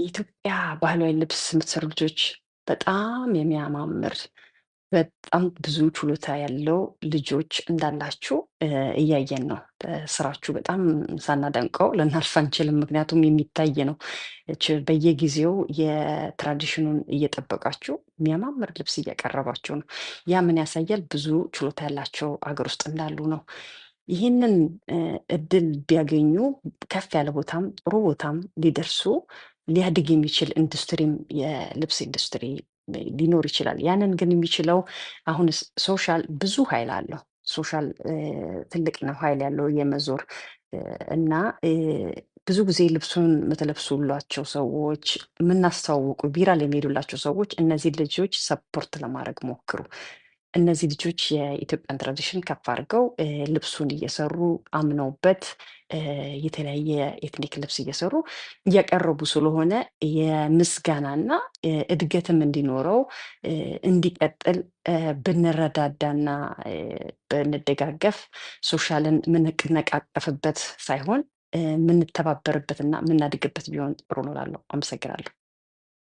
የኢትዮጵያ ባህላዊ ልብስ የምትሰሩ ልጆች በጣም የሚያማምር በጣም ብዙ ችሎታ ያለው ልጆች እንዳላችሁ እያየን ነው። ስራችሁ በጣም ሳናደንቀው ልናልፍ አንችልም። ምክንያቱም የሚታይ ነው። በየጊዜው የትራዲሽኑን እየጠበቃችሁ የሚያማምር ልብስ እያቀረባችሁ ነው። ያ ምን ያሳያል? ብዙ ችሎታ ያላቸው አገር ውስጥ እንዳሉ ነው። ይህንን እድል ቢያገኙ ከፍ ያለ ቦታም ጥሩ ቦታም ሊደርሱ ሊያድግ የሚችል ኢንዱስትሪም የልብስ ኢንዱስትሪ ሊኖር ይችላል። ያንን ግን የሚችለው አሁን ሶሻል ብዙ ኃይል አለው። ሶሻል ትልቅ ነው ኃይል ያለው የመዞር እና ብዙ ጊዜ ልብሱን የምትለብሱላቸው ሰዎች የምናስተዋውቁ ቢራ ለሚሄዱላቸው ሰዎች እነዚህ ልጆች ሰፖርት ለማድረግ ሞክሩ። እነዚህ ልጆች የኢትዮጵያን ትራዲሽን ከፍ አድርገው ልብሱን እየሰሩ አምነውበት የተለያየ ኤትኒክ ልብስ እየሰሩ እያቀረቡ ስለሆነ የምስጋናና እድገትም እንዲኖረው እንዲቀጥል ብንረዳዳና ብንደጋገፍ ሶሻልን የምንነቃቀፍበት ሳይሆን እ የምንተባበርበትና የምናድግበት ቢሆን ጥሩ ነው እላለሁ። አመሰግናለሁ።